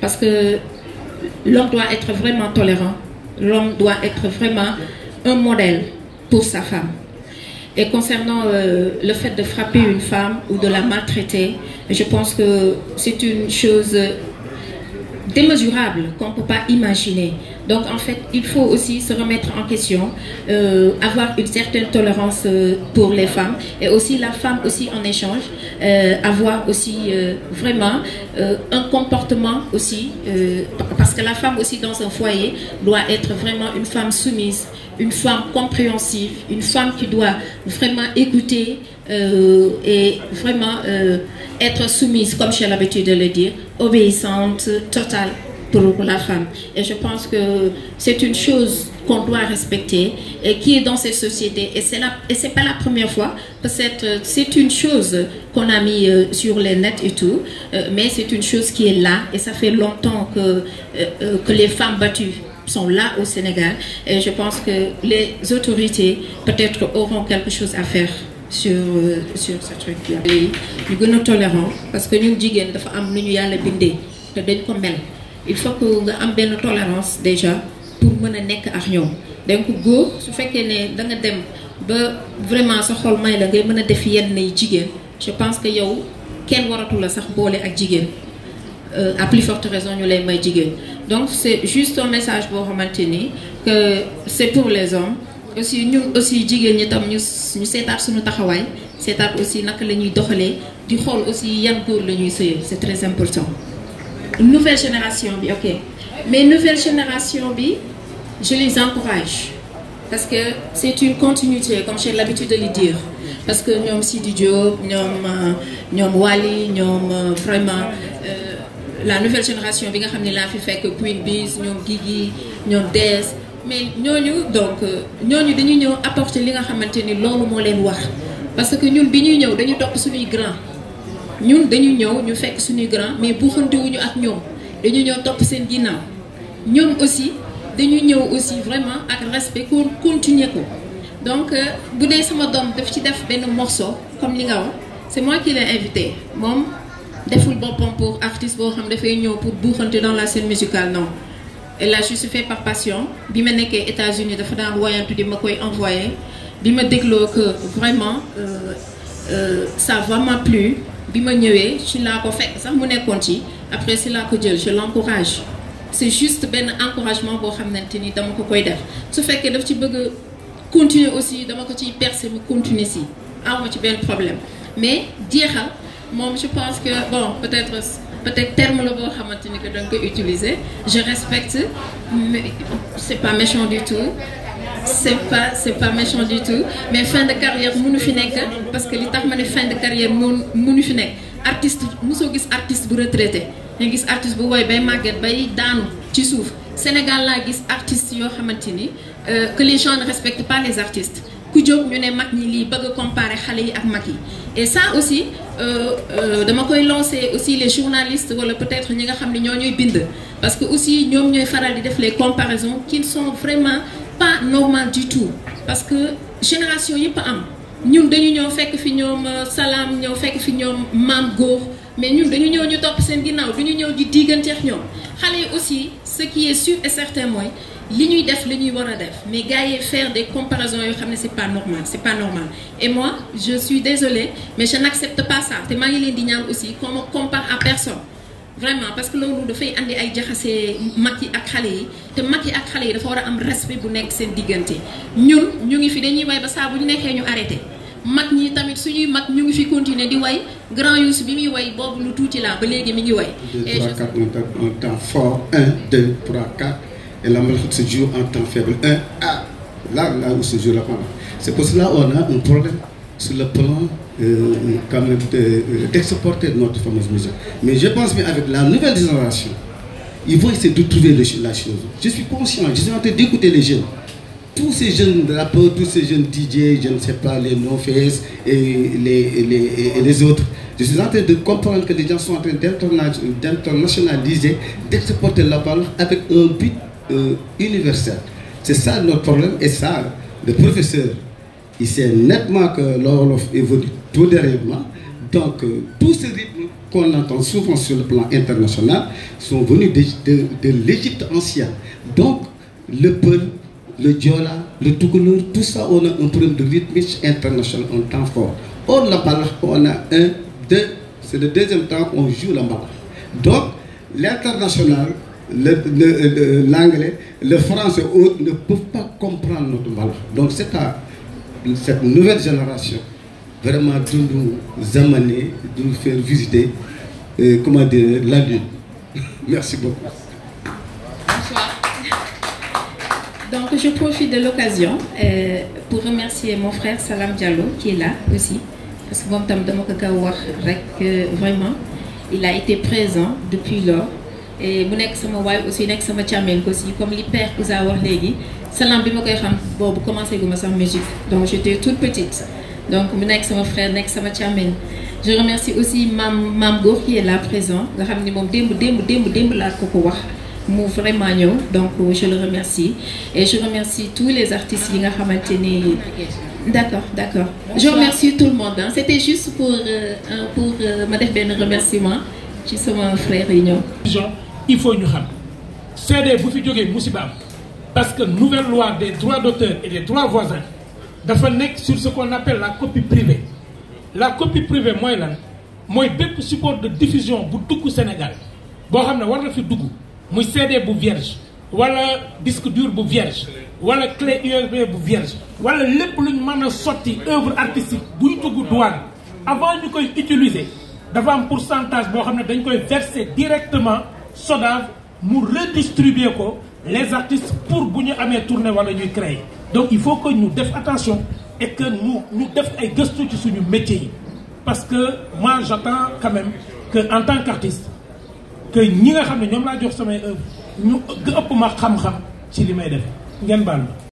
Parce que l'homme doit être vraiment tolérant. L'homme doit être vraiment un modèle pour sa femme. Et concernant euh, le fait de frapper une femme ou de la maltraiter, je pense que c'est une chose démesurable qu'on ne peut pas imaginer. Donc en fait, il faut aussi se remettre en question, euh, avoir une certaine tolérance euh, pour les femmes et aussi la femme aussi en échange, euh, avoir aussi euh, vraiment euh, un comportement aussi, euh, parce que la femme aussi dans un foyer doit être vraiment une femme soumise, une femme compréhensive, une femme qui doit vraiment écouter et vraiment être soumise, comme j'ai l'habitude de le dire, obéissante, totale. pour la femme. Et je pense que c'est une chose qu'on doit respecter et qui est dans ces sociétés. Et c'est et c'est pas la première fois. Peut-être euh, c'est une chose qu'on a mis euh, sur les nets et tout, euh, mais c'est une chose qui est là et ça fait longtemps que euh, euh que les femmes battues sont là au Sénégal. Et je pense que les autorités peut-être auront quelque chose à faire sur euh, sur ce truc-là. ñu gën a tolérant parce que ñun jigéen dafa am lu ñu yàlla bindee te dañ ko mel. il faut que nga am benn tolérance déjà pour mën a nekk ak ñoom donc góor su fekkee ne da nga dem ba vraiment sa xol may la ngay mën a def yenn nay jigéen je pense que yow kenn waratula sax boole ak jigéen euh, à plus forte raison ñu lay may jigéen donc c'est juste un message boo xamante ni que c'est pour les hommes aussi ñun aussi jigéen ñi tam ñu ñu seetaat suñu taxawaay seetaat aussi naka la ñuy doxalee di xool aussi yan góor la ñuy sëyal c'est très important nouvelle génération bi ok mais nouvelle génération bi je les encourage parce que c'est une continuité comme j'ai l'habitude de le dire parce que ñoom si Sidi Diop ñoom euh, ñoom Wally ñoom euh, vraiment euh, la nouvelle génération bi nga xam ni laa fi fekk Queen Biz ñoom Guigui ñoom des mais ñooñu donc ñooñu dañuy ñëw apporter li nga xamante ni loolu moo leen wax parce que ñun bi ñuy ñëw dañu topp suñuy grand ñun dañu ñëw ñu fekk suñuy grand mais buuxantewuñu ak ñoom dañu ñëw topp seen ginnaaw ñoom aussi dañu ñëw aussi vraiment ak respect ko continuer ko donc euh, bu dee sama doom def ci def benn morceau comme li nga wax c'est moi qui l'ai invité moom deful boppam pour artiste boo xam dafay ñëw pour buuxante dans la scène musicale non et là je fait par passion bi ma nekkee États-Unis dafa daan woyantu di ma koy envoyé bi ma dégloo que vraiment euh, euh, ça bi ma ñëwee ci laa ko fekk sax mu nekkoon ci après si laa ko jël je l'encourage c'est juste benn encouragement boo xamante ni dama ko koy def su fekkee daf ci bëgg continuer aussi dama ko ciy percer mu continuer si awma ci benn problème mais jeexal moom je pense que bon peut-être peut-être terme la boo xamante ni que da nga koy utiliser je respecte mais c'est pas méchant du tout c'est pas c'est pas méchant du tout mais fin de carrière mënu fi nekk parce que li tax ma ne fin de carrière moom mënu fi nekk artiste mosoo gis artiste bu retraité nga gis artiste bu woy bay màgget bay daanu ci suuf Sénégal laa gis artistes yoo xamante ni euh, que les gens par les artistes ku jóg ñu ne mag ñi lii bëgg a comparer xale yi ak mag yi et ça aussi euh, euh, dama koy lancer aussi les journalistes wala peut-être ñi nga xam ne ñoo ñuy bind parce que aussi ñoom ñooy faral di def les comparaisons qui sont vraiment pas normal du tout parce que génération yëpp am ñun dañu ñëw fekk fi ñoom euh, salaam ñëw fekk fi ñoom maam góor mais ñun dañu ñëw ñu topp seen ginnaaw ñu ñëw di digganteex ñoom xale yi aussi ce qui est sûr et certain mooy li ñuy def li ñuy war a def mais gars yi faire des comparaisons yoo xam ne c'est pas normal c'est pas normal et moi je suis désolée mais je n'accepte pas ça te maa ngi leen di ñaan aussi qu'on me compare à personne vraiment parce que loolu dafay indi ay jaxase mag yi ak xale yi te mag yi ak xale yi dafa war a am respect bu nekk seen diggante ñun ñu ngi fi dañuy way ba saa bu ñu nekkee ñu arrêté mag ñi tamit suñuy mag ñu ngi fi continuer di way grand Youssou bi muy way boobu lu tuuti laa ba léegi mi ngi way. 2 3 4 un temps fort 1 2 3 4 et la malheur se joue en temps faible 1 ah là là où se joue la parole c'est sur le plan euh, quand même d'exporter euh, euh, de, de notre fameuse musique. Mais je pense qu'avec la nouvelle génération, ils vont essayer de trouver le, la chose. Je suis conscient, je suis en train d'écouter les jeunes. Tous ces jeunes rappeurs, tous ces jeunes DJ, je ne sais pas, les non-face et les, et les, et les autres. Je suis en train de comprendre que les gens sont en train d'internationaliser, d'exporter la parole avec un but euh, universel. C'est ça notre problème et ça, le professeur il sait nettement que l'Orof évolue tout dernièrement. Donc, euh, tous ces rythmes qu'on entend souvent sur le plan international sont venus de, de, de l'Égypte ancienne. Donc, le Peul, le Diola, le Tougoulou, tout ça, on a un de rythmique international en temps fort. Or, la balade, on a un, deux, c'est le deuxième temps qu'on joue la balade. Donc, l'international, l'anglais, le, le, le, le français, autres ne peuvent pas comprendre notre balade. Donc, c'est à cette nouvelle génération vraiment de nous amener, de nous faire visiter euh, comment dire, la Lune. Merci beaucoup. Bonsoir. Donc je profite de l'occasion euh, pour remercier mon frère Salam Diallo qui est là aussi. Parce que vraiment, il a été présent depuis lors. Et mon ex aussi, comme les pères que salaam bi ma koy xam boobu commencé gu ma sax musique donc j'étais tout petite donc mu nekk sama frère nekk sama càmmiñ je remercie aussi maam maam Góor qui est présent nga xam ni moom démb démb démb démb laa ko ko wax mu vraiment ñëw donc je le remercie et je remercie tous les artistes yi nga xamante ni d'accord d'accord je remercie tout le monde ah c'était juste pour euh, pour euh, ma def benn remerciement ci sama frère yi ñëw. il faut ñu xam CD bu fi jógee parce que nouvelle loi des droits d'auteur et des droits voisins dafa nekk sur ce qu'on appelle la copie privée la copie privée mooy lan mooy bépp support de diffusion bu dugg Sénégal boo xam ne war na fi dugg muy CD bu vierge wala disque dur bu vierge wala clé USB bu vierge wala lépp luñ mën a sotti œuvre artistique buy dugg douane avant ñu koy utiliser dafa am pourcentage boo xam ne dañ koy verser directement SODAV mu redistribuer ko les artistes pour bu ñu amee tournée wala ñuy créer donc il faut que ñu def attention et que ñu def ay gëstu ci suñu métier yi parce que moi temps quand même que en tant qu'artiste que ñi nga xam ne ñoom laa jox samay ñu ëpp ma xam-xam ci li may def ngeen baal ma